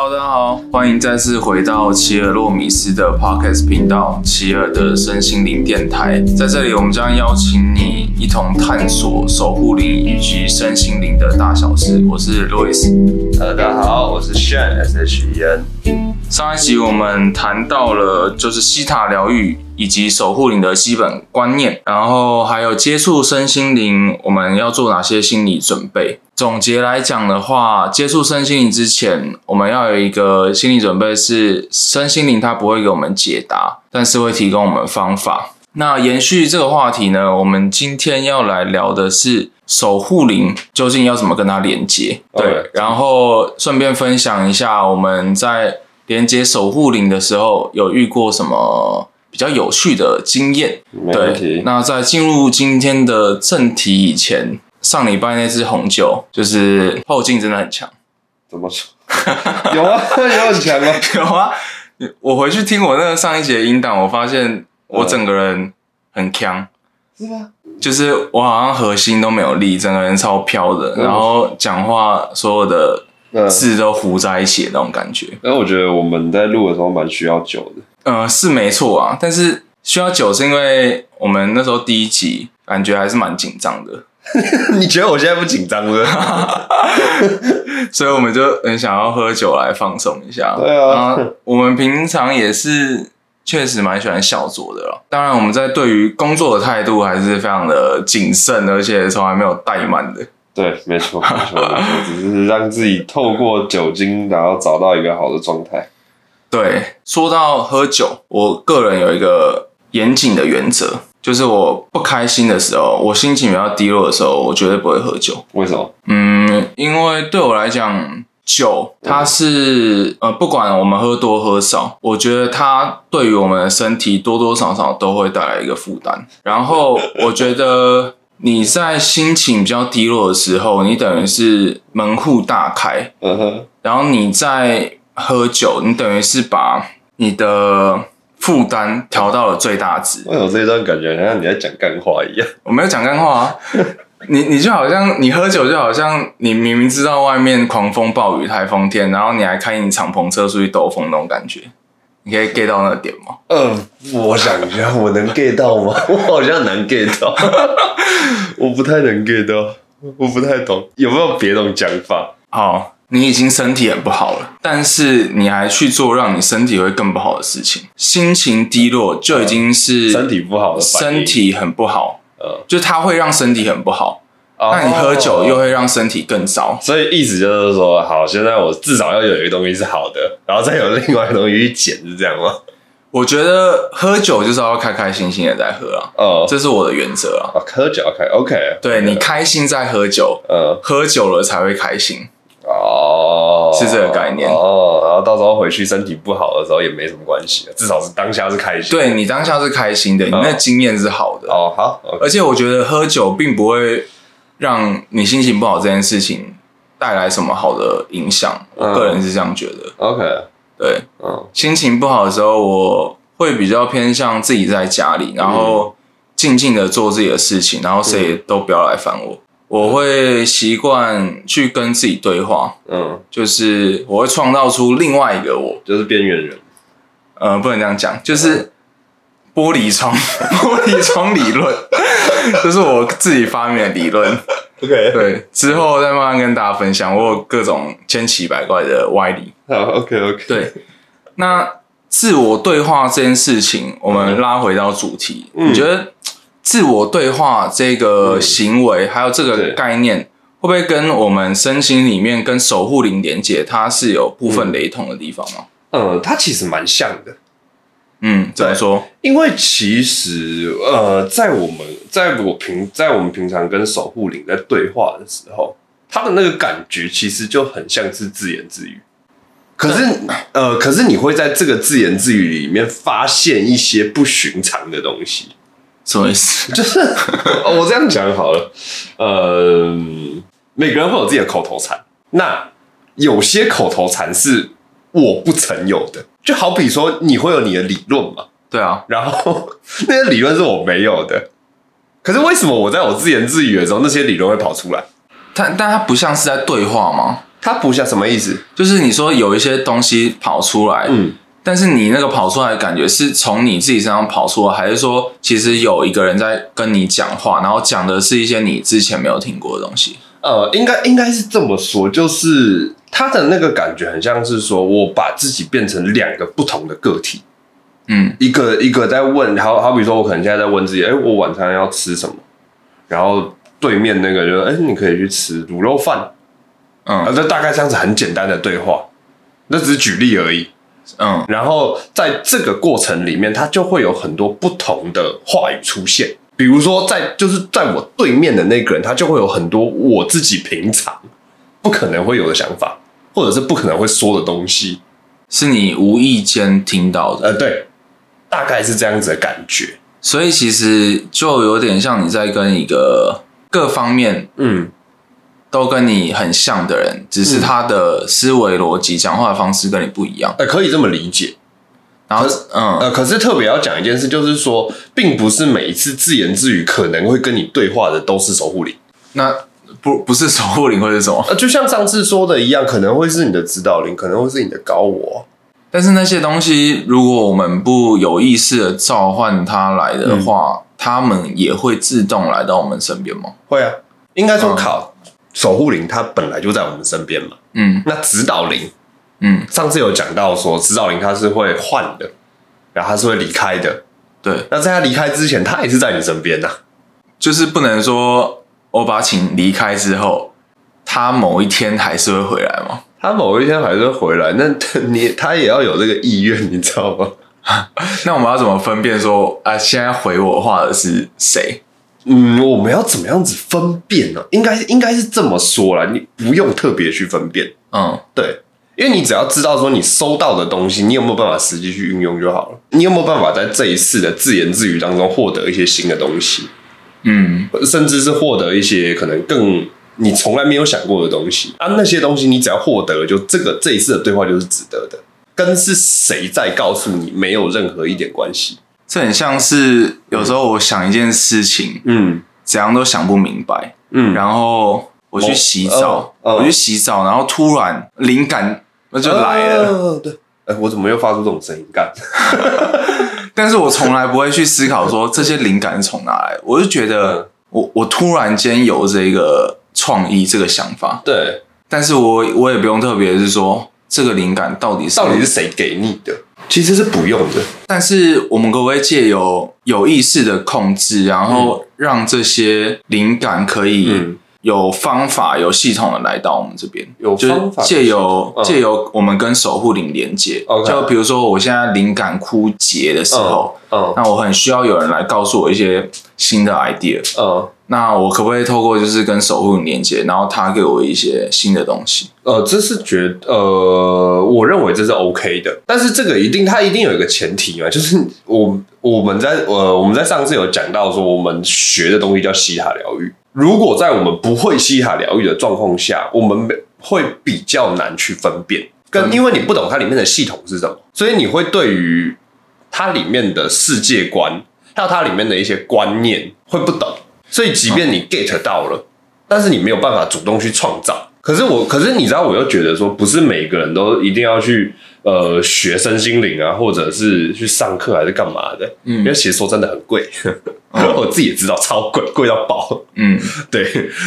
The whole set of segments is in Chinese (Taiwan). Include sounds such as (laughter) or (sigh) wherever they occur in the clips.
Hello，大家好，歡迎再次回到齊爾洛米絲的 Podcast 頻道，齊爾的身心靈電台。在這裡，我們將邀請你一同探索守護靈以及身心靈的大小事。我是 Louis。Hello，大家好，我是 Shen S H E N。上一集我們談到了就是希塔療癒。以及守護靈的基本觀念，然後還有接觸身心靈，我們要做哪些心理準備？總結來講的話，接觸身心靈之前，我們要有一個心理準備，是身心靈它不會給我們解答，但是會提供我們方法。那延續這個話題呢，我們今天要來聊的是守護靈究竟要怎麼跟它連接？對，okay. 然後順便分享一下我們在連接守護靈的時候有遇過什麼。比較有趣的經驗，對。那在進入今天的正題以前，上禮拜那支紅酒就是後勁真的很強。怎麼說？ (laughs) 有啊，有很強嗎？ (laughs) 有啊。我回去聽我那個上一節的音檔，我發現我整個人很鏘。是啊。就是我好像核心都沒有力，整個人超飄的。然後講話所有的。字都糊在一起的那種感覺、嗯。但我覺得我們在錄的時候蠻需要酒的。嗯、呃，是沒錯啊，但是需要酒是因為我們那時候第一集感覺還是蠻緊張的。 (laughs) 你覺得我現在不緊張了？ (laughs) (laughs) 所以我們就很想要喝酒來放鬆一下。對啊，我們平常也是確實蠻喜歡小酌的。當然，我們在對於工作的態度還是非常的謹慎，而且從來沒有怠慢的。對，沒錯，沒錯，只是讓自己透過酒精，然後找到一個好的狀態。對，說到喝酒，我個人有一個嚴謹的原則，就是我不開心的時候，我心情比較低落的時候，我絕對不會喝酒。為什麼？嗯，因為對我來講，酒它是、嗯、呃，不管我們喝多喝少，我覺得它對於我們的身體多多少少都會帶來一個負擔。然後我覺得。 (laughs) 你在心情比較低落的時候，你等於是門戶大開，嗯哼，然後你在喝酒，你等於是把你的負擔調到了最大值。為什麼這段感覺好像你在講幹話一樣？我沒有講幹話啊， (laughs) 你你就好像你喝酒，就好像你明明知道外面狂風暴雨、颱風天，然後你還開你敞篷車出去兜風那種感覺。你可以 get 到那個點嗎？嗯、呃，我想一下，我能 get 到嗎？我好像能 get 到， (laughs) (laughs) 我不太能 get 到，我不太懂。有沒有別種講法？好、oh,，你已經身體很不好了，但是你還去做讓你身體會更不好的事情，心情低落就已經是、嗯、身體不好的，身體很不好，呃、oh.，就它會讓身體很不好。Oh, 那你喝酒又會讓身體更糟，所以意思就是說，好，現在我至少要有一個東西是好的，然後再有另外一個東西去減，是這樣嗎？我覺得喝酒就是要開開心心的在喝啊，哦、oh,，這是我的原則啊。喝酒開，OK，對，你開心再喝酒，呃、oh,，喝酒了才會開心，哦、oh,，是這個概念。哦、oh,，然後到時候回去身體不好的時候也沒什麼關係，至少是當下是開心的。對，你當下是開心的，oh, 你那經驗是好的。哦，好，而且我覺得喝酒並不會讓你心情不好這件事情帶來什麼好的影響，嗯，我個人是這樣覺得。OK，對，嗯，心情不好的時候，我會比較偏向自己在家裡，然後靜靜的做自己的事情，然後誰都不要來煩我。嗯。我會習慣去跟自己對話，嗯，就是我會創造出另外一個我，就是邊緣人。嗯，呃，不能這樣講，就是。嗯。玻璃窗，玻璃窗理論，這 (laughs) 是我自己發明的理論。OK，對，之後再慢慢跟大家分享我有各種千奇百怪的歪理。好，OK，OK，okay, okay. 對。那自我對話這件事情，我們拉回到主題，嗯、你覺得自我對話這個行為，嗯、還有這個概念，會不會跟我們身心裡面跟守護靈連接，它是有部分雷同的地方嗎？呃、嗯，它其實蠻像的。嗯，怎麼說？因為其實，呃，在我們在我平在我們平常跟守護靈在對話的時候，他的那個感覺其實就很像是自言自語。可是，呃，可是你會在這個自言自語裡面發現一些不尋常的東西。什麼意思？就是我，我這樣講好了。呃，每個人會有自己的口頭禪，那有些口頭禪是我不曾有的。就好比說，你會有你的理論嘛。對啊，然後那些理論是我沒有的，可是為什麼我在我自言自語的時候，那些理論會跑出來？它但它不像是在對話嗎？它不像什麼意思？就是你說有一些東西跑出來，嗯，但是你那個跑出來的感覺是從你自己身上跑出來，還是說其實有一個人在跟你講話，然後講的是一些你之前沒有聽過的東西？呃，應該應該是這麼說，就是他的那個感覺很像是說我把自己變成兩個不同的個體。嗯，一個一個在問，好好比說，我可能現在在問自己，哎、欸，我晚餐要吃什麼？然後對面那個就說，哎、欸，你可以去吃滷肉飯。嗯，啊，這大概這樣子很簡單的對話，那只是舉例而已。嗯，然後在這個過程裡面，他就會有很多不同的話語出現，比如說在就是在我對面的那個人，他就會有很多我自己平常不可能會有的想法，或者是不可能會說的東西，是你無意間聽到的。呃，對。大概是這樣子的感覺，所以其實就有點像你在跟一個各方面，嗯，都跟你很像的人，嗯，只是他的思維邏輯、講話的方式跟你不一樣。欸，可以這麼理解。然後，嗯，呃，可是特別要講一件事，就是說，並不是每一次自言自語可能會跟你對話的都是守護靈。那不不是守護靈會是什麼？呃，就像上次說的一樣，可能會是你的指導靈，可能會是你的高我。但是那些東西，如果我們不有意識的召喚它來的話，它、嗯、們也會自動來到我們身邊嗎？會啊，應該說，考守護靈它本來就在我們身邊嘛。嗯，那指導靈，嗯，上次有講到說指導靈它是會換的，然後它是會離開的。對，那在它離開之前，它也是在你身邊啊。就是不能說歐巴琴離開之後，它某一天還是會回來嗎？他某一天還是會回來，那你他也要有這個意願，你知道嗎？ (laughs) 那我們要怎麼分辨說啊，現在回我的話的是誰？嗯，我們要怎麼樣子分辨呢、啊？應該應該是這麼說啦，你不用特別去分辨。嗯，對，因為你只要知道說你收到的東西，你有沒有辦法實際去運用就好了？你有沒有辦法在這一次的自言自語當中獲得一些新的東西？嗯，甚至是獲得一些可能更。你從來沒有想過的東西啊，那些東西你只要獲得，就這個這一次的對話就是值得的，跟是誰在告訴你沒有任何一點關係。這很像是有時候我想一件事情，嗯，嗯，怎樣都想不明白，嗯，然後我去洗澡，哦，我去洗澡，然後突然靈感那就來了，對，哎，我怎麼又發出這種聲音？幹 (laughs) (laughs) 但是我從來不會去思考說這些靈感是從哪來，我就覺得我我突然間有這個。創意這個想法，對，但是我我也不用特別，是說這個靈感到底是誰，到底是誰給你的？其實是不用的，嗯、但是我們可不可以借由有意識的控制，然後讓這些靈感可以有方,、嗯、有方法、有系統的來到我們這邊？有方法，借、就是、由借、哦、由我們跟守護靈連結。就、okay、比如說，我現在靈感枯竭的時候、哦，那我很需要有人來告訴我一些新的 idea，、哦那我可不可以透過就是跟守護連接，然後他給我一些新的東西？呃，這是覺得呃，我認為這是 OK 的，但是這個一定，它一定有一個前提嘛，就是我我們在呃我們在上次有講到說，我們學的東西叫希塔療癒。如果在我們不會希塔療癒的狀況下，我們會比較難去分辨，跟因為你不懂它裡面的系統是什麼，所以你會對於它裡面的世界觀，還有它裡面的一些觀念會不懂。所以，即便你 get 到了、哦，但是你沒有辦法主動去創造。可是我，可是你知道，我又覺得說，不是每個人都一定要去呃學身心靈啊，或者是去上課還是幹嘛的。嗯，因為學說真的很貴，哦、 (laughs) 然後我自己也知道超，超貴，貴到爆。嗯，對。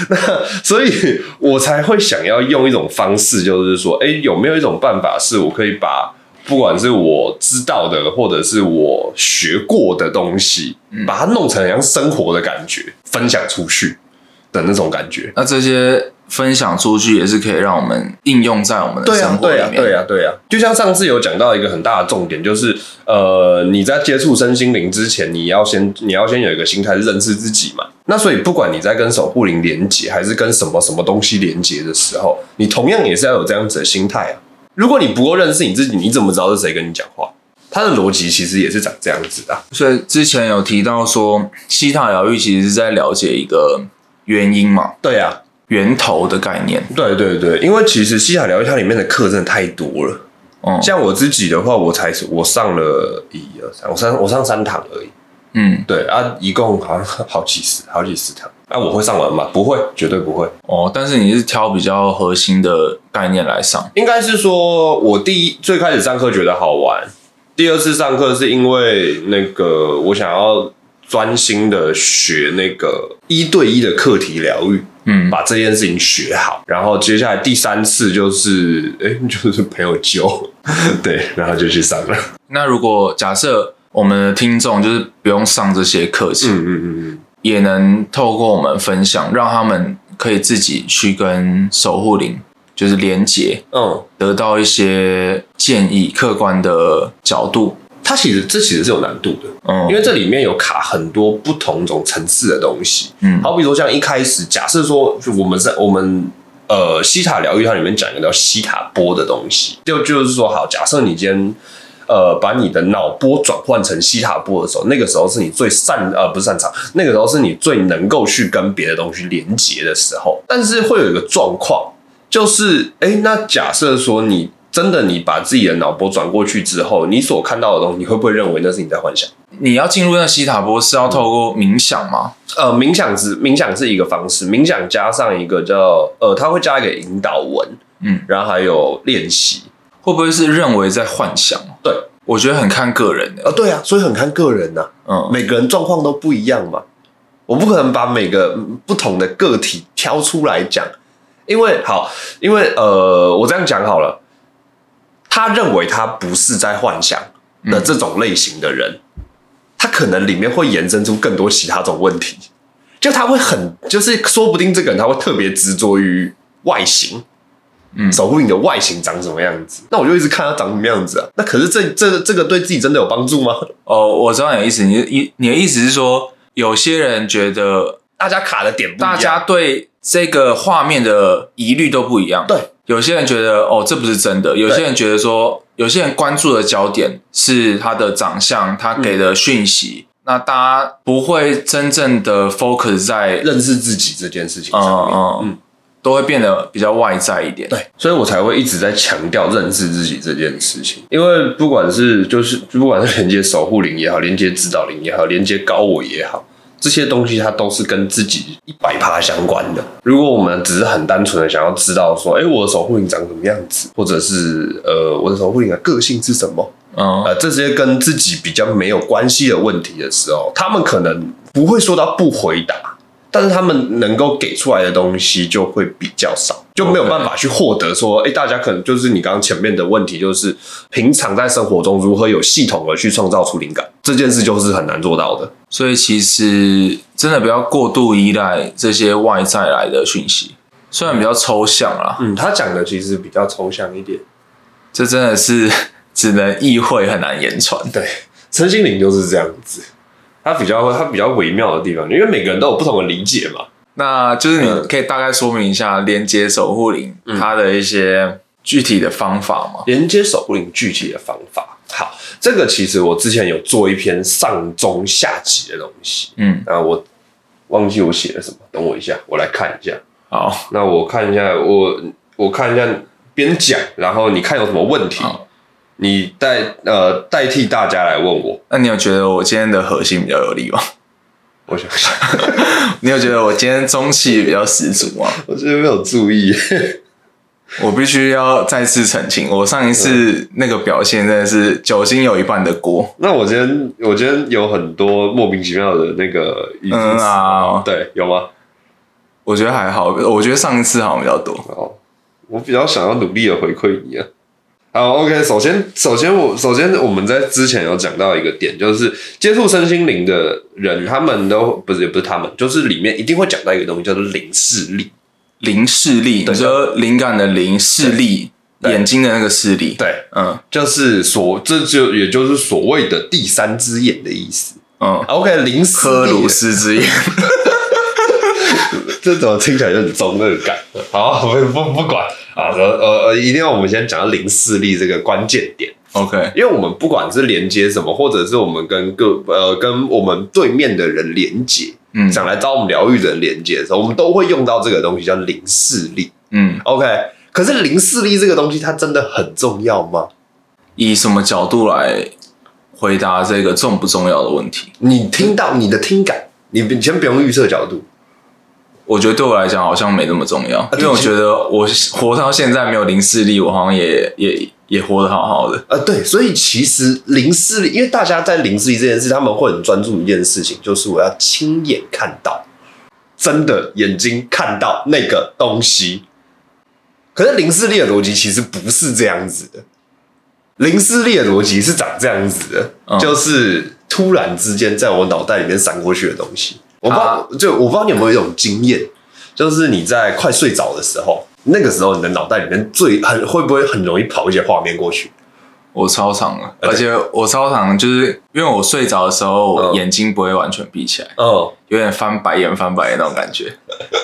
那所以，我才會想要用一種方式，就是說，哎、欸，有沒有一種辦法，是我可以把不管是我知道的，或者是我學過的東西，把它弄成很像生活的感覺、嗯，分享出去的那種感覺。那這些分享出去也是可以讓我們應用在我們的生活裡面。對呀、啊，對呀、啊啊啊，就像上次有講到一個很大的重點，就是呃，你在接觸身心靈之前，你要先你要先有一個心態是認識自己嘛。那所以不管你在跟守護靈連接，還是跟什麼什麼東西連接的時候，你同樣也是要有這樣子的心態啊。如果你不夠認識你自己，你怎麼知道是誰跟你講話？它的邏輯其實也是長這樣子的，啊，所以之前有提到說，希塔療癒其實是在了解一個原因嘛。對啊，源頭的概念。對對對，因為其實希塔療癒它裡面的課真的太多了。哦，嗯，像我自己的話，我才我上了一二三，我上我上三堂而已，嗯，對啊，一共好像好幾十好幾十堂，啊，我會上完嗎？不會，絕對不會。哦，但是你是挑比較核心的概念來上？應該是說我第一最開始上課覺得好玩。第二次上課是因為那個我想要專心的學那個一對一的課題療癒，嗯，把這件事情學好。然後接下來第三次就是哎、欸，就是朋友叫，對，然後就去上了。那如果假設我們的聽眾就是不用上這些課程，嗯嗯嗯，也能透過我們分享，讓他們可以自己去跟守護靈就是連接，嗯，得到一些建議，客觀的角度，它其實，這其實是有難度的，嗯，因為這裡面有卡很多不同種層次的東西，嗯，好比如像一開始假設說，就我們在我們呃希塔療癒它裡面講一個叫希塔波的東西，就就是說，好，假設你今天呃把你的腦波轉換成希塔波的時候，那個時候是你最擅呃不擅長，那個時候是你最能夠去跟別的東西連接的時候，但是會有一個狀況。就是哎，那假設說你真的你把自己的腦波轉過去之後，你所看到的東西，你會不會認為那是你在幻想？你要進入那希塔波是要透過冥想嗎？嗯、呃，冥想是冥想是一個方式，冥想加上一個叫呃，它會加一個引導文，嗯，然後還有練習，會不會是認為在幻想？對，我覺得很看個人的啊、呃，對啊，所以很看個人的、啊，嗯，每個人狀況都不一樣嘛，我不可能把每個不同的個體挑出來講。因為好，因為呃，我這樣講好了，他認為他不是在幻想的這種類型的人、嗯，他可能裡面會延伸出更多其他種問題。就他會很，就是說不定這個人他會特別執着於外形，嗯，守護你的外形長什麼樣子？那我就一直看他長什麼樣子啊。那可是這這這個對自己真的有幫助嗎？哦，我知道你的意思，你你的意思是說，有些人覺得大家卡的點不一樣，大家對。這個畫面的疑慮都不一樣。對，有些人覺得哦，這不是真的；有些人覺得說，有些人關注的焦點是他的長相，他給的訊息。嗯、那大家不會真正的 focus 在認識自己這件事情上面、嗯嗯嗯，都會變得比較外在一點。對，所以我才會一直在強調認識自己這件事情，因為不管是就是就不管是連接守護靈也好，連接指導靈也好，連接高我也好。這些東西它都是跟自己一百趴相關的。如果我們只是很單純的想要知道說，哎，我的守護靈長什麼樣子，或者是呃，我的守護靈的個性是什麼，啊、嗯，呃，這些跟自己比較沒有關係的問題的時候，他們可能不會說到不回答。但是他們能夠給出來的東西就會比較少，就沒有辦法去獲得說，哎、Okay. 欸，大家可能就是你剛剛前面的問題，就是平常在生活中如何有系統的去創造出靈感這件事，就是很難做到的。所以其實真的不要過度依賴這些外在來的訊息，雖然比較抽象啦。嗯，他講的其實比較抽象一點，這真的是只能意會，很難言傳。對，陳心靈就是這樣子。它比較，它比較微妙的地方，因為每個人都有不同的理解嘛。那就是你可以大概說明一下，嗯，連接守護靈它的一些具體的方法嘛，嗯？連接守護靈具體的方法，好，這個其實我之前有做一篇上中下集的東西，嗯，那我忘記我寫了什麼，等我一下，我來看一下。好，那我看一下，我我看一下邊講，然後你看有什麼問題。你代，呃，代替大家來問我，那你有覺得我今天的核心比較有力嗎？我想想 (laughs) 你有覺得我今天中氣比較十足嗎？我今天沒有注意。 (laughs) 我必須要再次澄清，我上一次那個表現真的是酒精有一半的鍋。那我今天，我今天有很多莫名其妙的那個意思，嗯啊，對，有嗎？我覺得還好，我覺得上一次好像比較多。我比較想要努力的回饋你啊。好，OK。首先，首先我首先我們在之前有講到一個點，就是接觸身心靈的人，他們都不是也不是他們，就是裡面一定會講到一個東西，叫做靈視力。靈視力，你說靈感的靈視力，眼睛的那個視力，對，嗯，就是所這就也就是所謂的第三隻眼的意思。嗯，OK，靈視，荷魯斯之眼， (laughs) (laughs) 這怎麼聽起來有點中二感？好，我也不不不管。啊，呃呃呃，一定要我們先講到靈視力這個關鍵點，OK，因為我們不管是連接什麼，或者是我們跟各呃跟我們對面的人連接，嗯，想來找我們療癒的人連接的時候，我們都會用到這個東西叫靈視力，嗯，OK，可是靈視力這個東西它真的很重要嗎？以什麼角度來回答這個重不重要的問題？你聽到你的聽感，你你先不用預測角度。我覺得對我來講好像沒那麼重要。呃，因為我覺得我活到現在沒有靈視力，我好像也也也活得好好的。啊、呃，對，所以其實靈視力，因為大家在靈視力這件事，他們會很專注一件事情，就是我要親眼看到，真的眼睛看到那個東西。可是靈視力的邏輯其實不是這樣子的，靈視力的邏輯是長這樣子的，嗯、就是突然之間在我腦袋裡面閃過去的東西。我不知道，啊、就我不知道你有沒有一種經驗，就是你在快睡着的時候，那個時候你的腦袋裡面最很會不會很容易跑一些畫面過去？我超常了、啊，而且我超常，就是因為我睡着的時候我眼睛不會完全閉起來，哦、嗯，有點翻白眼翻白眼的那種感覺，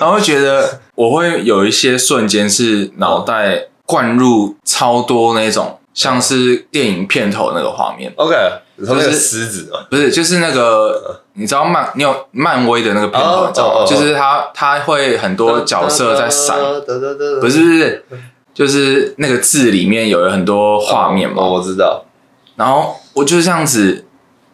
然後會覺得我會有一些瞬間是腦袋灌入超多那種像是電影片頭那個畫面，OK，就是那個獅子嗎？不是，就是那個。你知道漫，你有漫威的那個片段。oh, oh, oh, oh, oh. 就是他他會很多角色在閃，不是，就是那個字裡面有了很多畫面嘛？哦、oh, oh,，我知道。然後我就是這樣子，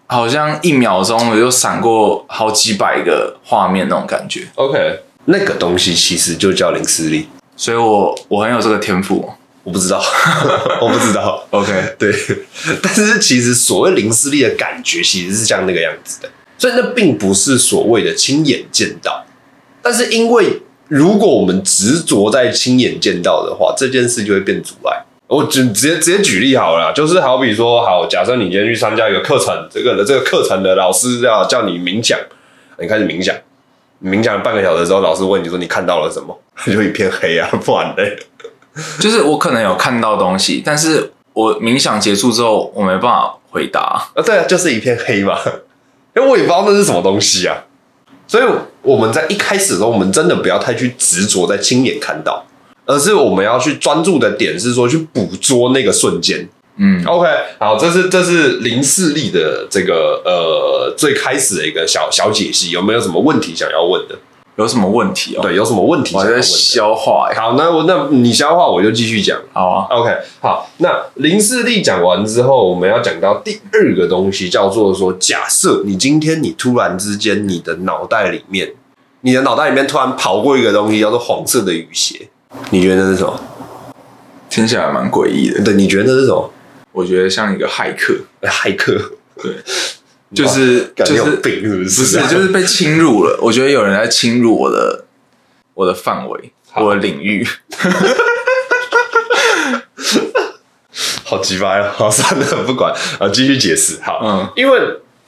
好像一秒鐘我就閃過好幾百個畫面那種感覺。OK，那個東西其實就叫靈視力，所以我我很有這個天賦。我不知道， (laughs) 我不知道。OK，對。 (laughs) 但是其實所謂靈視力的感覺，其實是像那個樣子的。所以那並不是所謂的親眼見到，但是因為如果我們執着在親眼見到的話，這件事就會變阻礙。我直直接直接舉例好了啦，就是好比說，好假設你今天去參加一個課程，這個的這個課程的老師要叫你冥想，你開始冥想，冥想了半個小時之後，老師問你說你看到了什麼？就一片黑啊，不然咧？就是我可能有看到東西，但是我冥想結束之後，我沒辦法回答啊。對啊，就是一片黑嘛。因為我也不知道那是什麼東西啊，所以我們在一開始的時候，我們真的不要太去執着在親眼看到，而是我們要去專注的點是說去捕捉那個瞬間嗯。嗯，OK，好，這是這是靈視力的這個呃最開始的一個小小解析，有沒有什麼問題想要問的？有什麼問題哦？對，有什麼問題問？我還在消化。好，那我那你消化，我就繼續講。好啊。OK，好。那林世麗講完之後，我們要講到第二個東西，叫做說，假設你今天你突然之間，你的腦袋裡面，你的腦袋裡面突然跑過一個東西，叫做黃色的雨鞋。你覺得這是什麼？聽起來蠻詭異的。對，你覺得這是什麼？我覺得像一個駭客。駭客。 (laughs) 對。就是，感覺是，不是、啊、就是是是，就是被侵入了。我覺得有人在侵入我的我的範圍，我的領域， (laughs) 好奇葩，呀！好，算了，不管啊，繼續解釋。好，嗯，因為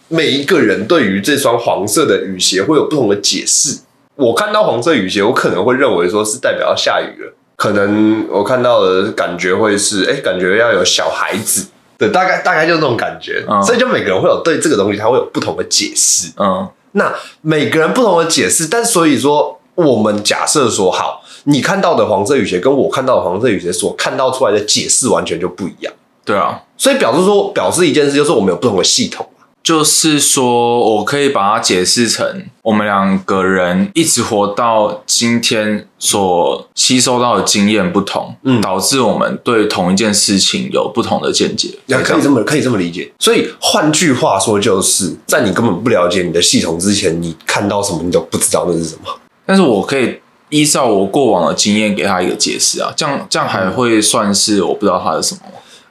每一個人對於這雙黃色的雨鞋會有不同的解釋。我看到黃色雨鞋，我可能會認為說是代表要下雨了。可能我看到的感覺會是，哎、欸，感覺要有小孩子。對，大概大概就是這種感覺，嗯，所以就每個人，會有對這個東西，他會有不同的解釋。嗯，那每個人不同的解釋，但所以說，我們假設說，好，你看到的黃色雨鞋跟我看到的黃色雨鞋所看到出來的解釋完全就不一樣。對啊，所以表示說，表示一件事就是我們有不同的系統。就是說，我可以把它解釋成我們兩個人一直活到今天所吸收到的經驗不同，嗯，導致我們對同一件事情有不同的見解。也、嗯可，啊、可以這麼可以這麼理解。所以換句話說，就是在你根本不了解你的系統之前，你看到什麼，你都不知道那是什麼。但是我可以依照我過往的經驗給他一個解釋啊，這樣這樣還會算是我不知道他是什麼？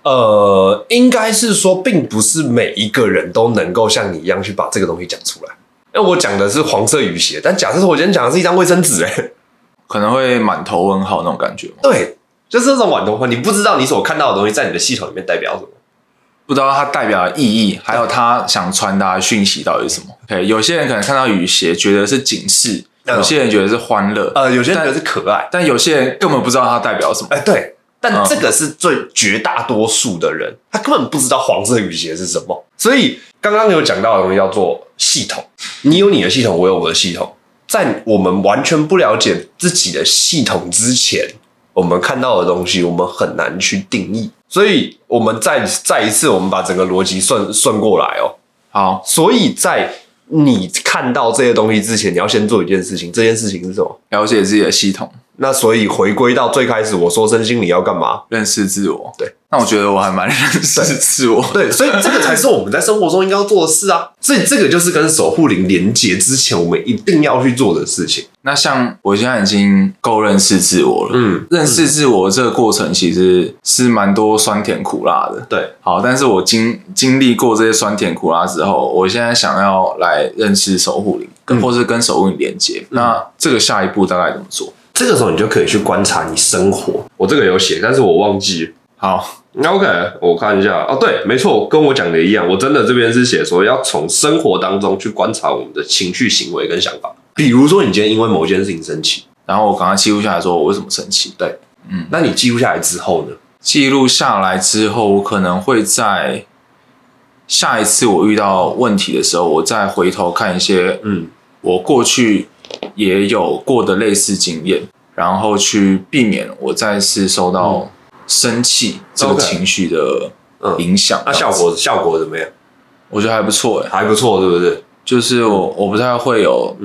呃，應該是說，並不是每一個人都能夠像你一樣去把這個東西講出來。那我講的是黃色雨鞋，但假設說我今天講的是一張衛生紙，哎，可能會滿頭問號那種感覺嗎？對，就是這種滿頭問號，你不知道你所看到的東西在你的系統裡面代表什麼，不知道它代表的意義，還有它想傳達的訊息到底是什麼。OK，有些人可能看到雨鞋覺得是警示，有些人覺得是歡樂，呃，有些人覺得是可愛但，但有些人根本不知道它代表什麼。哎、欸，對。但這個是最絕大多數的人，嗯，他根本不知道黃色雨鞋是什麼。所以剛剛有講到的東西叫做系統，你有你的系統，我有我的系統。在我們完全不了解自己的系統之前，我們看到的東西，我們很難去定義。所以我們再再一次，我們把整個邏輯算算過來哦。好，所以在你看到這些東西之前，你要先做一件事情，這件事情是什麼？了解自己的系統。那所以回歸到最開始，我說身心靈要幹嘛？認識自我。對，那我覺得我還蠻認識自我。 (laughs) 對，所以這個才是我們在生活中應該要做的事啊。所以這個就是跟守護靈連結之前，我們一定要去做的事情。那像我現在已經夠認識自我了。嗯，認識自我這個過程其實是蠻多酸甜苦辣的。對，好，但是我經經歷過這些酸甜苦辣之後，我現在想要來認識守護靈、嗯，或是跟守護靈連結、嗯。那這個下一步大概怎麼做？這個時候你就可以去觀察你生活。我這個有寫，但是我忘記。好，那 OK，我看一下。哦，對，沒錯，跟我講的一樣。我真的這邊是寫說要從生活當中去觀察我們的情緒、行為跟想法。比如說，你今天因為某件事情生氣，然後我剛剛記錄下來說我為什麼生氣。對，嗯，那你記錄下來之後呢？記錄下來之後，我可能會在下一次我遇到問題的時候，我再回頭看一些，嗯，我過去，嗯。也有過的類似經驗，然後去避免我再次受到生氣這個情緒的影響。那、okay, 嗯啊、效果效果怎麼樣？我覺得還不錯、欸、還不錯，是不是？就是我我不太會有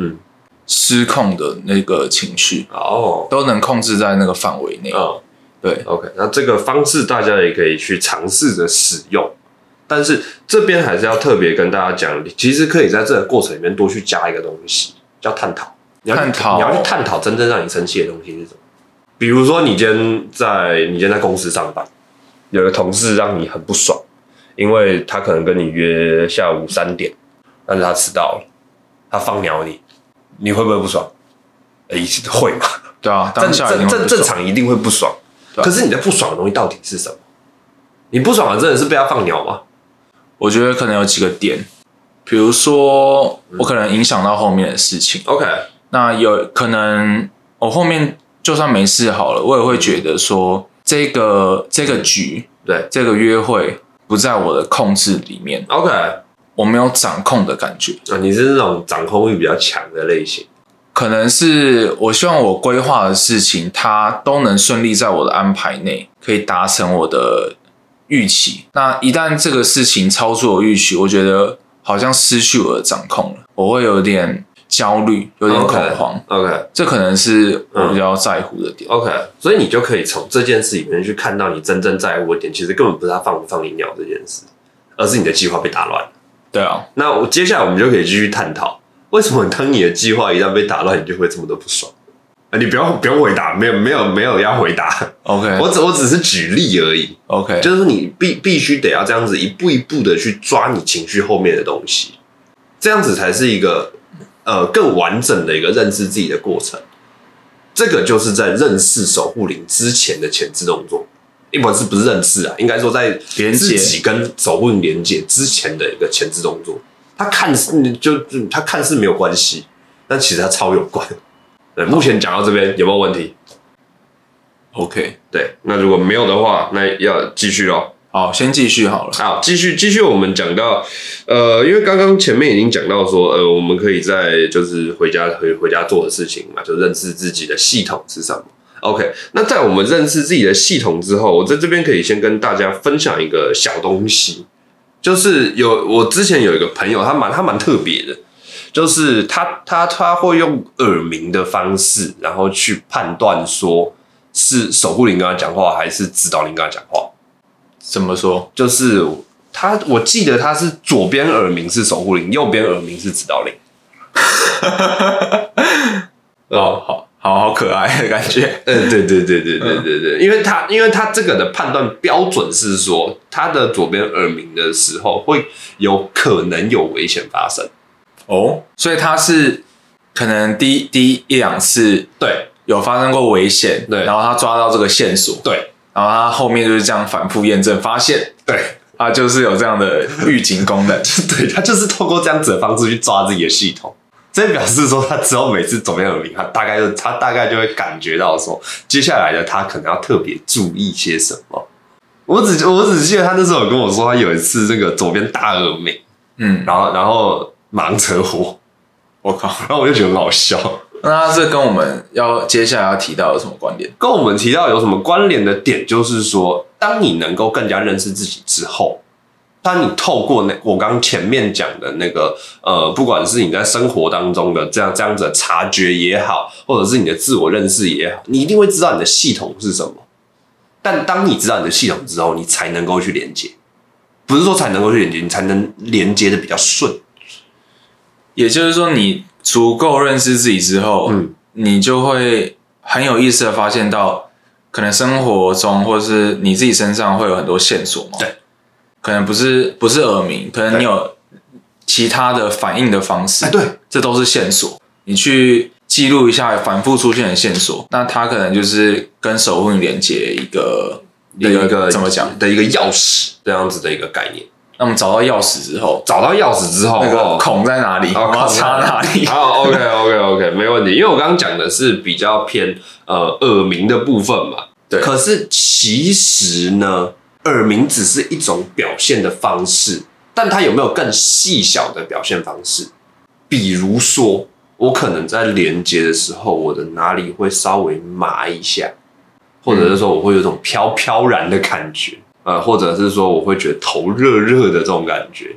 失控的那個情緒哦、嗯，都能控制在那個範圍內。嗯，對。OK，那這個方式大家也可以去嘗試着使用，但是這邊還是要特別跟大家講，其實可以在這個過程裡面多去加一個東西，叫探討。你要去探你要去探討真正讓你生氣的東西是什麼？比如說，你今天在你今天在公司上班，有個同事讓你很不爽，因為他可能跟你約下午三點，但是他遲到了，他放鳥你，你會不會不爽？欸、會嘛？對啊， (laughs) 正正正正常一定會不爽。可是你的不爽的東西到底是什麼？你不爽的真的是被他放鳥嗎？我覺得可能有幾個點，比如說我可能影響到後面的事情。OK。那有可能，我後面就算沒事好了，我也會覺得說這個這個局，對這個約會不在我的控制裡面，OK，我沒有掌控的感覺。啊，你是這種掌控欲比較強的類型，可能是我希望我規劃的事情，它都能順利在我的安排內，可以達成我的預期。那一旦這個事情超出我預期，我覺得好像失去我的掌控了，我會有點。焦慮，有點恐慌。Okay, OK，這可能是我比較在乎的點。嗯，OK，所以你就可以從這件事裡面去看到你真正在乎的點。其實根本不是他放不放你鳥這件事，而是你的計劃被打亂。對啊，那我接下來我們就可以繼續探討，為什麼當你的計劃一旦被打亂，你就會這麼的不爽？你不要不用回答，沒有沒有沒有要回答。OK，我只我只是舉例而已。OK，就是你必必須得要這樣子一步一步的去抓你情緒後面的東西，這樣子才是一個呃，更完整的一個認識自己的過程，這個就是在認識守護靈之前的前置動作，一本是不是認識啊？應該說在自己跟守護靈連接之前的一個前置動作，他看似就他看似沒有關係，但其實他超有關。對，目前講到這邊有沒有問題？OK，對，那如果沒有的話，那要繼續哦。好，先繼續好了。好，繼續繼續，我們講到，呃，因為剛剛前面已經講到說，呃，我們可以在就是回家回回家，做的事情嘛，就認識自己的系統是什麼。OK，那在我們認識自己的系統之後，我在這邊可以先跟大家分享一個小東西，就是有我之前有一個朋友，他蠻他蠻特別的，就是他他他會用耳鳴的方式，然後去判斷說是守護靈跟他講話，還是指導靈跟他講話。怎麼說？就是他，我記得他是左邊耳鳴是守護靈，右邊耳鳴是指導靈、 (laughs) (laughs) 哦。哦，好好好，好可愛的感覺。 (laughs) 嗯，對對對對對對對、嗯，因為他因為他這個的判斷標準是說，他的左邊耳鳴的時候會有可能有危險發生。哦，所以他是可能第一第一一兩次對有發生過危險，對，然後他抓到這個線索，對。對然後他後面就是這樣反覆驗證，發現，對，他就是有這樣的預警功能， (laughs) 對，他就是透過這樣子的方式去抓自己的系統。這也表示說，他只要每次左邊耳鳴，他大概就他大概就會感覺到說，接下來的他可能要特別注意些什麼。我只我只記得他那時候有跟我說，他有一次這個左邊大耳鳴，嗯，然後然後盲成火。我、哦、靠，然後我就覺得好笑。那這跟我們要接下來要提到有什麼關聯？跟我們提到有什麼關聯的點，就是說，當你能夠更加認識自己之後，當你透過那我剛前面講的那個呃，不管是你在生活當中的這樣這樣子的察覺也好，或者是你的自我認識也好，你一定會知道你的系統是什麼。但當你知道你的系統之後，你才能夠去連接，不是說才能夠去連接，你才能連接的比較順。也就是說，你。足夠認識自己之後，嗯，你就會很有意思的發現到，可能生活中或是你自己身上會有很多線索嘛。對，可能不是不是耳鳴，可能你有其他的反應的方式。哎，對，這都是線索。你去記錄一下反覆出現的線索，那它可能就是跟守護靈連接一個的一個，一個怎麼講的一個鑰匙這樣子的一個概念。那麼找到鑰匙之後，找到鑰匙之後，那個孔在哪裡？哦然，孔啊，然後插哪裡？好，OK，OK，OK，OK, OK, OK, 沒問題。因為我剛剛講的是比較偏呃耳鳴的部分嘛。對。可是其實呢，耳鳴只是一種表現的方式，但它有沒有更細小的表現方式？比如說，我可能在連接的時候，我的哪裡會稍微麻一下，或者是說，我會有一種飄飄然的感覺。嗯呃、嗯，或者是說我會覺得頭熱熱的這種感覺，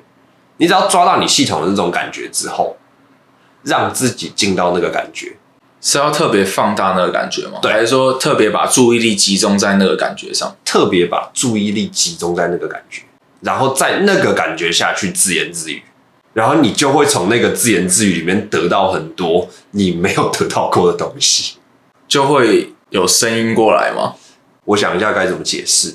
你只要抓到你系統的這種感覺之後，讓自己進到那個感覺。是要特別放大那個感覺嗎？對，還是說特別把注意力集中在那個感覺上，特別把注意力集中在那個感覺，然後在那個感覺下去自言自語，然後你就會從那個自言自語裡面得到很多你沒有得到過的東西。就會有聲音過來嗎？我想一下該怎麼解釋。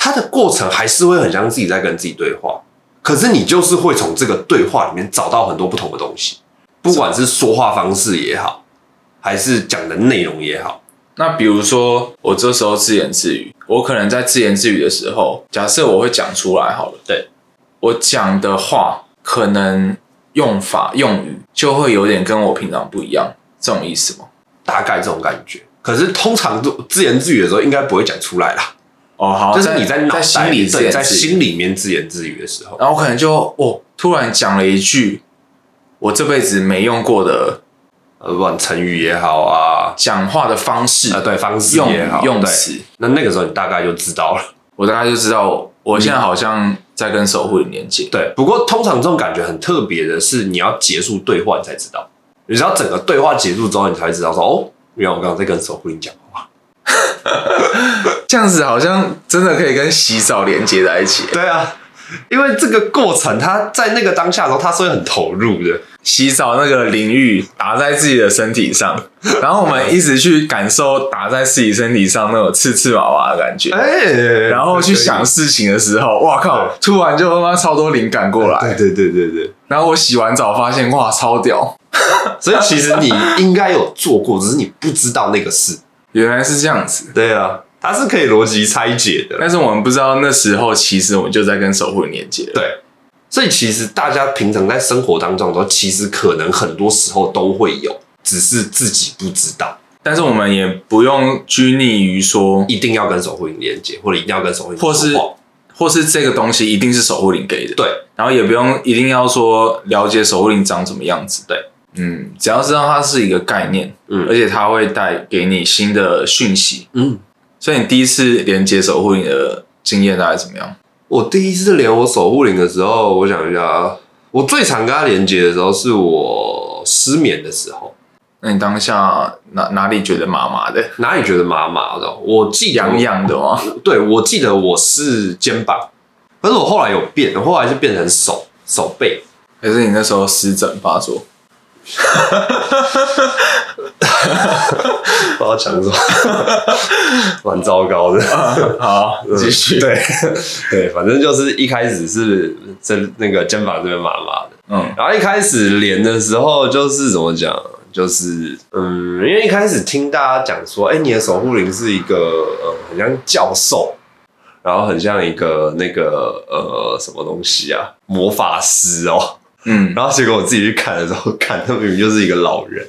它的過程還是會很像自己在跟自己對話，可是你就是會從這個對話裡面找到很多不同的東西，不管是說話方式也好，還是講的內容也好。那比如說我這時候自言自語，我可能在自言自語的時候，假設我會講出來好了，對，我講的話可能用法用語就會有點跟我平常不一樣，這種意思嗎？大概這種感覺。可是通常都自言自語的時候應該不會講出來啦。哦，好，就是你在在心裡，對，在心裡面自言自語的時候，然後我可能就哦，突然講了一句，我這輩子沒用過的呃、短、啊、成語也好啊，講話的方式啊，對，方式也好用詞，那那個時候你大概就知道了。我大概就知道，我現在好像在跟守護靈連接。對，不過通常這種感覺很特別的是，你要結束對話你才知道，你知道整個對話結束之後你才會知道說哦，原來我剛剛在跟守護靈講話。這樣子好像真的可以跟洗澡連接在一起。對啊，因為這個過程，他在那個當下的時候，他是會很投入的。洗澡那個淋浴打在自己的身體上，然後我們一直去感受打在自己身體上那種刺刺麻麻的感覺。哎，然後去想事情的時候，哇靠！突然就他媽超多靈感過來。對對對對對。然後我洗完澡發現，哇，超屌。所以其實你應該有做過，只是你不知道那個事。原來是這樣子，對啊，它是可以邏輯拆解的，但是我們不知道那時候其實我們就在跟守護靈連接了。對，所以其實大家平常在生活當中，都，其實可能很多時候都會有，只是自己不知道。但是我們也不用拘泥於說一定要跟守護靈連接，或者一定要跟守護靈說話，或是，或是這個東西一定是守護靈給的。對，然後也不用一定要說了解守護靈長什麼樣子，對。嗯，只要知道它是一個概念，嗯，而且它會帶給你新的訊息，嗯，所以你第一次連接守護靈的經驗大概怎麼樣？我第一次連我守護靈的時候，我想一下，我最常跟他連接的時候是我失眠的時候。那你當下哪哪裡覺得麻麻的？哪裡覺得麻麻的？我記癢癢的嗎？ (laughs) 對，我記得我是肩膀，但是我後來有變，我後來就變成手手背，還是你那時候濕疹發作？哈哈哈哈哈，不知道講什麼，蠻糟糕的、嗯。好，繼續。對對，反正就是一開始是在那個肩膀這邊麻麻的。嗯，然後一開始連的時候就是怎麼講？就是嗯，因為一開始聽大家講說，哎、欸，你的守護靈是一個呃，很像教授，然後很像一個那個呃什麼東西啊，魔法師哦。嗯，然後結果我自己去看的時候，看他明明就是一個老人，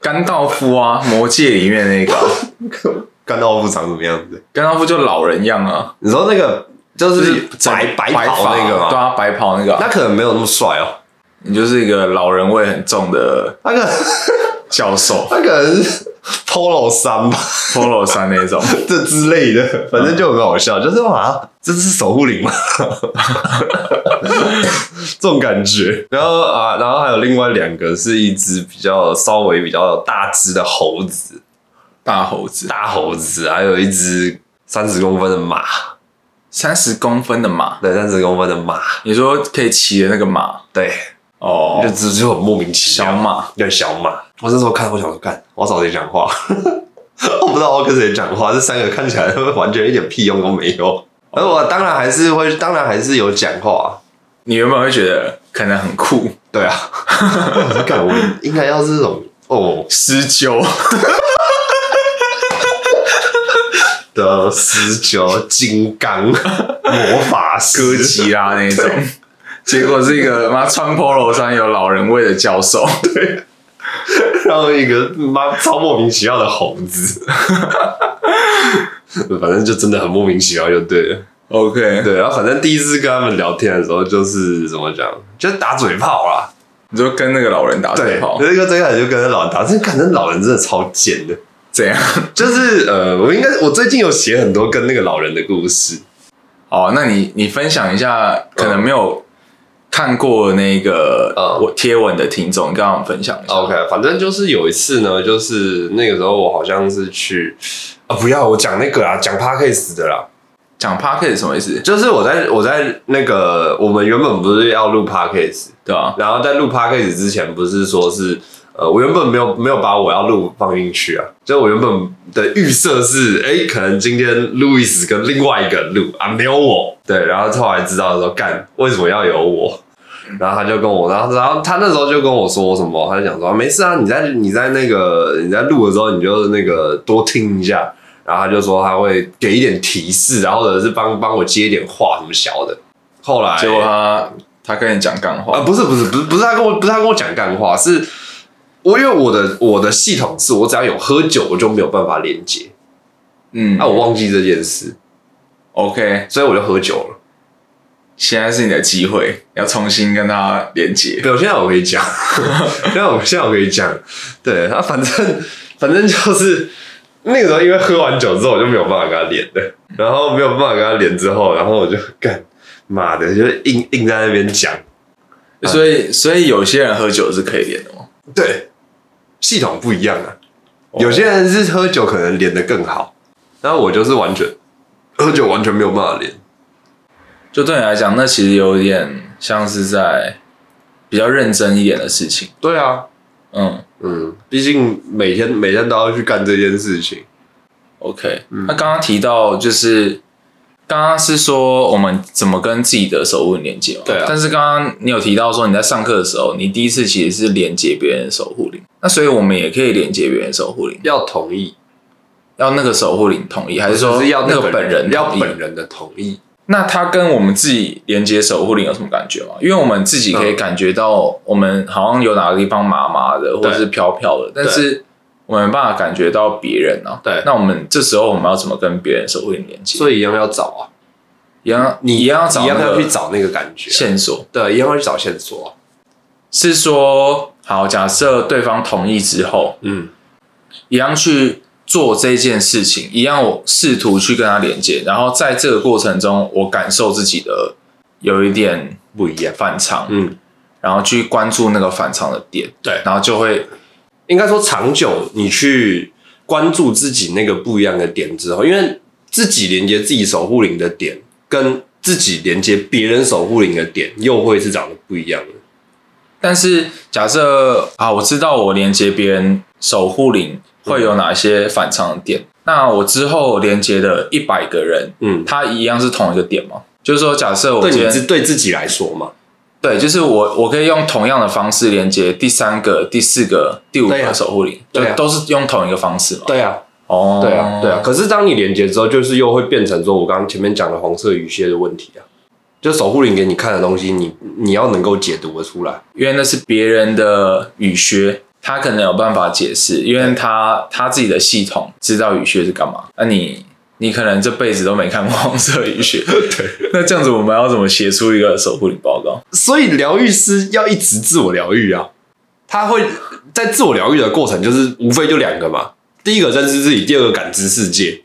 甘道夫啊， (laughs) 魔戒裡面那個 (laughs) 甘道夫長什麼樣子？甘道夫就老人樣啊。你說那個就是白、就是，白袍那個嗎？對啊，白袍那個，啊，那可能沒有那麼帥哦。你就是一個老人味很重的，那 (laughs) 個教授，那個。Polo 三吧 p o l o 三那種，這之類的，啊、反正就很好笑，就是啊，這是守護靈嘛， (laughs) (laughs) 這種感覺。然後啊，然後還有另外兩個是一隻比較稍微比較大隻的猴子，大猴子，大猴子，大猴子，還有一隻三十公分的馬，三十公分的馬，對，三十公分的馬，你說可以騎的那個馬，對，哦，那隻就很莫名其妙，小馬，對，小馬。我是說看？我想說，幹，我找誰講話？ (laughs) 我不知道我跟誰講話。這三個看起來會完全一點屁用都沒有。而我當然還是會，當然還是有講話啊。你原本會覺得可能很酷，對啊？你看，我感 (laughs) 應該要是這種 (laughs) 哦，施救的十九金剛魔法師啊 (laughs) 那種，結果是一個媽穿 polo 衫有老人味的教授， (laughs) 對。然後一個媽超莫名其妙的猴子 (laughs) (laughs) 反正就真的很莫名其妙，就對了。OK，對，然後反正第一次跟他們聊天的時候，就是怎麼講，就打嘴炮啦，你就跟那個老人打嘴炮。對，那個最開始就跟那老人打，這感覺老人真的超賤的，怎樣？就是呃，我應該我最近有寫很多跟那個老人的故事。哦，那你你分享一下，可能沒有，哦。看過那個呃我貼文的聽眾，跟我們分享一下。OK，反正就是有一次呢，就是那個時候我好像是去啊、呃，不要我講那個啊，講 Podcast 的啦，講 Podcast 什麼意思？就是我在我在那個我們原本不是要錄 Podcast 對吧、啊？然後在錄 Podcast 之前，不是說是呃，我原本沒有沒有把我要錄放進去啊，就我原本的預設是，哎、欸，可能今天路易斯跟另外一個錄啊，沒有我對，然後後來知道說，幹，為什麼要有我？嗯、然後他就跟我，然後然後他那時候就跟我說什麼，他就講說沒事啊，你在你在那個你在錄的時候，你就那個多聽一下。然後他就說他會給一點提示，然後或者是幫幫我接一點話什麼小的。後來結果他、嗯、他跟你講幹話啊、呃，不是不是不是不是他跟我，不是他跟我講幹話，是我，因為我的我的系統是，我只要有喝酒我就沒有辦法連接。嗯，那、啊、我忘記這件事。OK，所以我就喝酒了。現在是你的機會，要重新跟他連結。對，我現在我可以講，現在我現在我可以講。對他，反正反正就是那個時候，因為喝完酒之後，我就沒有辦法跟他連了，然後沒有辦法跟他連之後，然後我就幹媽的，就硬硬在那邊講。所以、啊、所以有些人喝酒是可以連的，哦，對，系統不一樣啊。有些人是喝酒可能連得更好，哦、然後我就是完全喝酒完全沒有辦法連。就對你來講，那其實有點像是在比較認真一點的事情。對啊，嗯嗯，畢竟每天每天都要去幹這件事情。OK，、嗯、那剛剛提到就是剛剛是說我們怎麼跟自己的守護靈連接嘛對啊。但是剛剛你有提到說你在上課的時候，你第一次其實是連接別人的守護靈。那所以我們也可以連接別人的守護靈，要同意，要那個守護靈同意，還是說是要那個，那個本人同意，要本人的同意？那它跟我們自己連接守護靈有什麼感覺嗎？因為我們自己可以感覺到，我們好像有哪個地方麻麻的、的，或是飄飄的，但是我們沒辦法感覺到別人呢、啊。對，那我們這時候我們要怎麼跟別人守護靈連接？所以一樣要找啊，一樣，你一樣要找，一樣要去找那個感覺線索。對，一樣要去找線索。是說，好，假設對方同意之後，嗯，一樣去。做這件事情一樣，我試圖去跟他連接，然後在這個過程中，我感受自己的有一點不一樣、反常，嗯，然後去關注那個反常的點，對，然後就會應該說長久，你去關注自己那個不一樣的點之後，因為自己連接自己守護靈的點，跟自己連接別人守護靈的點，又會是長得不一樣的。但是假設啊，我知道我連接別人守護靈。會有哪些反常的點？那我之後連接的一百個人，嗯，他一樣是同一個點嗎？嗯、就是說，假設我對你是對自己來說嘛？對，就是我，我可以用同樣的方式連接第三個、第四個、第五個守護靈，對、啊、都是用同一個方式嘛？對啊，哦對啊，對啊，對啊。可是當你連接之後，就是又會變成說，我剛剛前面講的紅色雨靴的問題啊，就守護靈給你看的東西你，你你要能夠解讀得出來，因為那是別人的雨靴。他可能有辦法解釋，因為他他自己的系統知道雨靴是幹嘛。那、啊、你你可能這輩子都沒看過紅色雨靴。 (laughs) 對，那這樣子，我們要怎麼寫出一個守護靈報告？所以療癒師要一直自我療癒啊。他會在自我療癒的過程，就是無非就兩個嘛。第一個認識自己，第二個感知世界。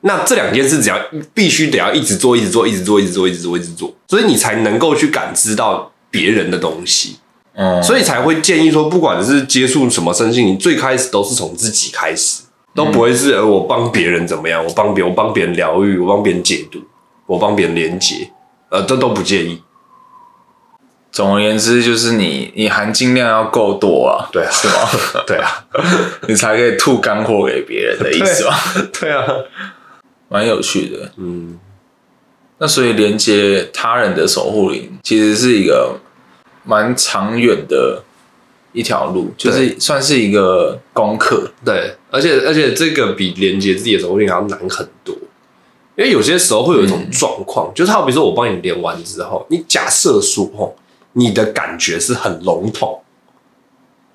那這兩件事只要必須得要一直做，一直做，一直做，一直做，一直做，一直做，一直做，所以你才能夠去感知到別人的東西。嗯、所以才會建議說，不管是接觸什麼身心靈，你最開始都是從自己開始，都不會是、嗯、我幫別人怎麼樣，我幫別人，我幫別人療癒，我幫別人解讀，我幫別人連接，呃，這都，都不建議。總而言之，就是你你含金量要夠多啊，對啊，是嗎？ (laughs) 對啊， (laughs) 你才可以吐乾貨給別人的意思嘛，對啊，蠻有趣的，嗯。那所以連接他人的守護靈，其實是一個。蠻長遠的一條路，就是算是一個功課，對，而且而且這個比連接自己的守護靈還要難很多，因為有些時候會有一種狀況、嗯，就是好比說我幫你連完之後，你假設說，你的感覺是很籠統，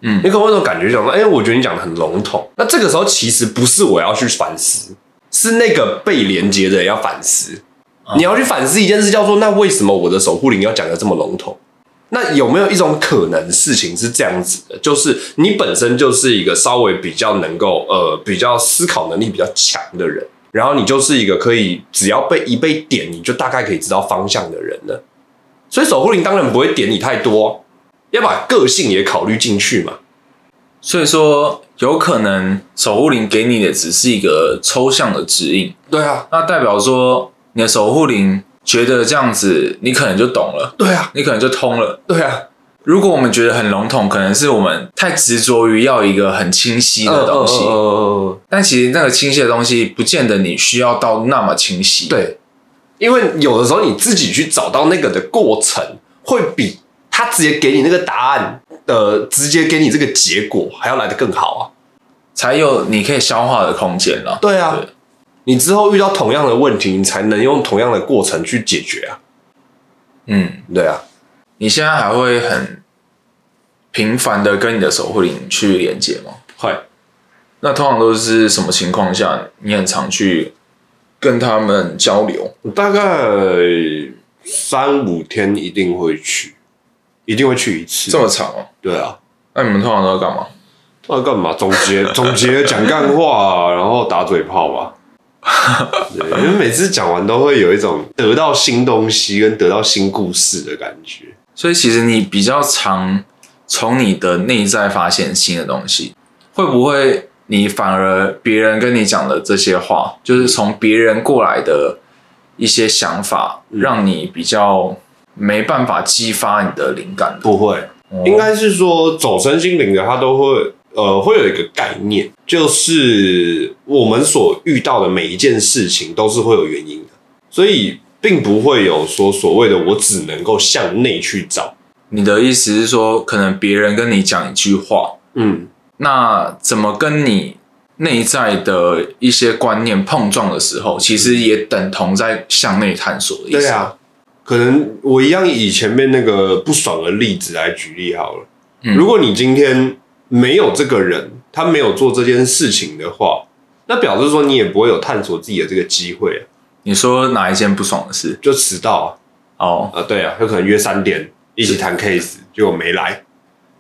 嗯，你可能會有種感覺講說，哎、欸，我覺得你講的很籠統，那這個時候其實不是我要去反思，是那個被連接的人要反思，嗯、你要去反思一件事，叫做那為什麼我的守護靈要講的這麼籠統？那有沒有一種可能的事情是這樣子的？就是你本身就是一個稍微比較能夠呃，比較思考能力比較強的人，然後你就是一個可以只要被一被點你就大概可以知道方向的人了。所以守護靈當然不會點你太多，要把個性也考慮進去嘛。所以說有可能守護靈給你的只是一個抽象的指引，對啊，那代表說你的守護靈覺得這樣子，你可能就懂了。對啊，你可能就通了。對啊，如果我們覺得很籠統，可能是我們太執着於要一個很清晰的東西。啊啊啊啊啊啊啊啊。但其實那個清晰的東西，不見得你需要到那麼清晰。對，因為有的時候你自己去找到那個的過程，會比他直接給你那個答案的，呃，直接給你這個結果還要來得更好啊，才有你可以消化的空間了，啊。對啊。對。你之後遇到同樣的問題，你才能用同樣的過程去解決啊。嗯，對啊。你現在還會很頻繁的跟你的守護靈去連接嗎？會。那通常都是什麼情況下，你很常去跟他們交流？大概三五天一定會去，一定會去一次。這麼長啊？對啊。那你們通常都要幹嘛？都要幹嘛？總結，總結，講幹話， (laughs) 然後打嘴炮吧。哈 (laughs) 哈，因為每次講完都會有一種得到新東西跟得到新故事的感覺，所以其實你比較常從你的內在發現新的東西，會不會你反而別人跟你講的這些話，就是從別人過來的一些想法，讓你比較沒辦法激發你的靈感的？不會，應該是說走身心靈的他都會。呃，會有一個概念，就是我們所遇到的每一件事情都是會有原因的，所以並不會有說所,所謂的我只能夠向內去找。你的意思是說，可能別人跟你講一句話，嗯，那怎麼跟你內在的一些觀念碰撞的時候，其實也等同在向內探索的意思。對啊，可能我一樣以前面那個不爽的例子來舉例好了。嗯，如果你今天。沒有這個人，他沒有做這件事情的話，那表示說你也不會有探索自己的這個機會啊。你說哪一件不爽的事？就遲到哦。啊。啊，Oh. 呃，對啊，就可能約三點一起談 case，結果沒來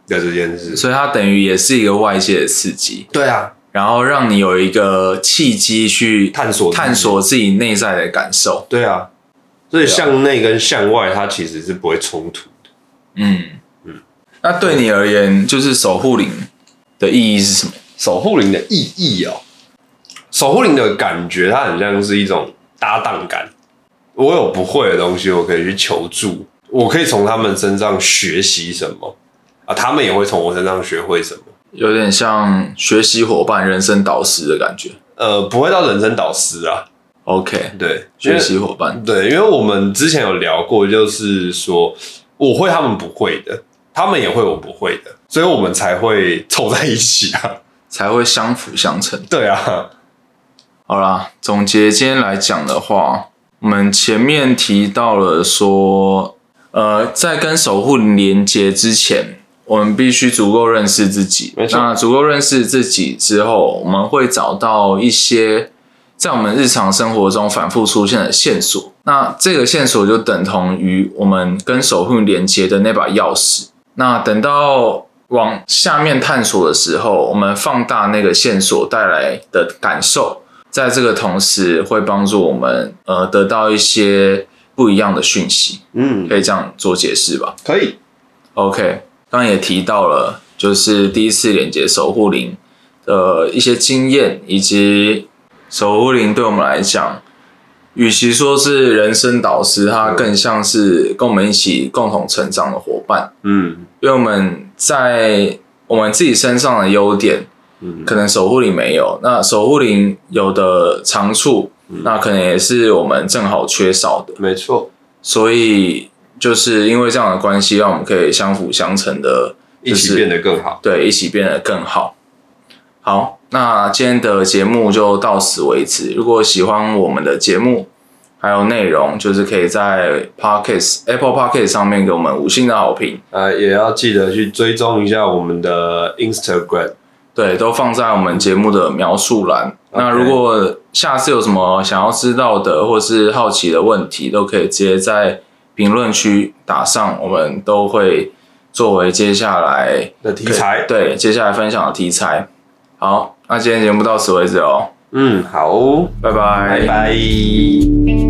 的這件事。所以它等於也是一個外界的刺激，對啊，然後讓你有一個契機去探索探索自己內在的感受，對啊。所以向內跟向外，它其實是不會衝突的，嗯。那對你而言，就是守護靈的意義是什麼？守護靈的意義哦，守護靈的感覺，它很像是一種搭檔感。我有不會的東西，我可以去求助，我可以從他們身上學習什麼啊，他們也會從我身上學會什麼。有點像學習夥伴、人生導師的感覺。呃，不會到人生導師啊。OK，對，學習夥伴。對，因為我們之前有聊過，就是說我會，他們不會的。他們也會，我不會的，所以我們才會湊在一起啊，才會相輔相成。對啊，好啦，總結今天來講的話，我們前面提到了說，呃，在跟守護連結之前，我們必須足夠認識自己。沒錯。那足夠認識自己之後，我們會找到一些在我們日常生活中反復出現的線索。那這個線索就等同於我們跟守護連結的那把鑰匙。那等到往下面探索的時候，我們放大那個線索帶來的感受，在這個同時會幫助我們呃得到一些不一樣的訊息，嗯，可以這樣做解釋吧？可以。OK，剛剛也提到了，就是第一次連接守護靈的一些經驗，以及守護靈對我們來講。與其說是人生導師，他更像是跟我們一起共同成長的伙伴。嗯，因為我們在我們自己身上的優點，嗯，可能守護靈沒有，那守護靈有的長處，嗯，那可能也是我們正好缺少的。沒錯，所以就是因為這樣的關係，讓我們可以相輔相成的，就是，一起變得更好。對，一起變得更好。好。那今天的節目就到此為止。如果喜歡我們的節目，還有內容，就是可以在 Podcast、Apple Podcast 上面給我們五星的好評。呃，也要記得去追蹤一下我們的 Instagram，對，都放在我們節目的描述欄。Okay. 那如果下次有什麼想要知道的，或是好奇的問題，都可以直接在評論區打上，我們都會作為接下來的題材對。對，接下來分享的題材。好。那今天節目到此為止哦。嗯，好哦，拜拜，拜拜。